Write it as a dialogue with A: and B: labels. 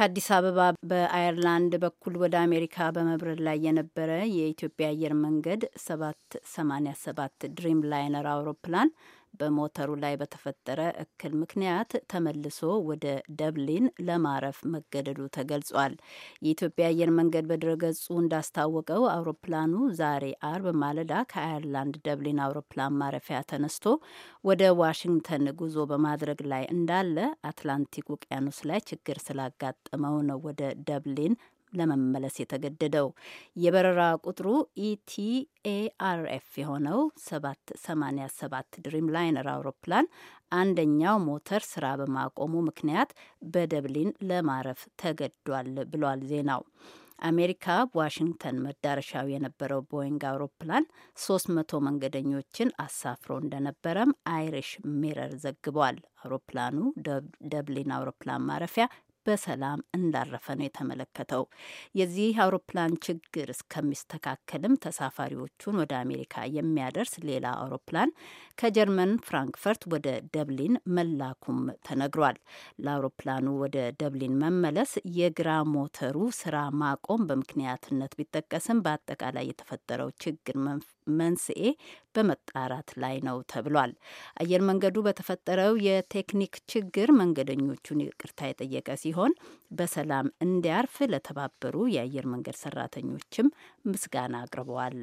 A: ከአዲስ አበባ በአየርላንድ በኩል ወደ አሜሪካ በመብረር ላይ የነበረ የኢትዮጵያ አየር መንገድ 787 ድሪም ላይነር አውሮፕላን በሞተሩ ላይ በተፈጠረ እክል ምክንያት ተመልሶ ወደ ደብሊን ለማረፍ መገደዱ ተገልጿል። የኢትዮጵያ አየር መንገድ በድረገጹ እንዳስታወቀው አውሮፕላኑ ዛሬ አርብ ማለዳ ከአየርላንድ ደብሊን አውሮፕላን ማረፊያ ተነስቶ ወደ ዋሽንግተን ጉዞ በማድረግ ላይ እንዳለ አትላንቲክ ውቅያኖስ ላይ ችግር ስላጋጠመው ነው ወደ ደብሊን ለመመለስ የተገደደው። የበረራ ቁጥሩ ኢቲኤአርኤፍ የሆነው 787 ድሪም ላይነር አውሮፕላን አንደኛው ሞተር ስራ በማቆሙ ምክንያት በደብሊን ለማረፍ ተገዷል ብሏል ዜናው። አሜሪካ ዋሽንግተን መዳረሻው የነበረው ቦይንግ አውሮፕላን 300 መንገደኞችን አሳፍሮ እንደነበረም አይሪሽ ሚረር ዘግቧል። አውሮፕላኑ ደብሊን አውሮፕላን ማረፊያ በሰላም እንዳረፈ ነው የተመለከተው። የዚህ አውሮፕላን ችግር እስከሚስተካከልም ተሳፋሪዎቹን ወደ አሜሪካ የሚያደርስ ሌላ አውሮፕላን ከጀርመን ፍራንክፈርት ወደ ደብሊን መላኩም ተነግሯል። ለአውሮፕላኑ ወደ ደብሊን መመለስ የግራ ሞተሩ ስራ ማቆም በምክንያትነት ቢጠቀስም በአጠቃላይ የተፈጠረው ችግር መንስኤ በመጣራት ላይ ነው ተብሏል። አየር መንገዱ በተፈጠረው የቴክኒክ ችግር መንገደኞቹን ይቅርታ የጠየቀ ሲሆን በሰላም እንዲያርፍ ለተባበሩ የአየር መንገድ ሰራተኞችም ምስጋና አቅርበዋል።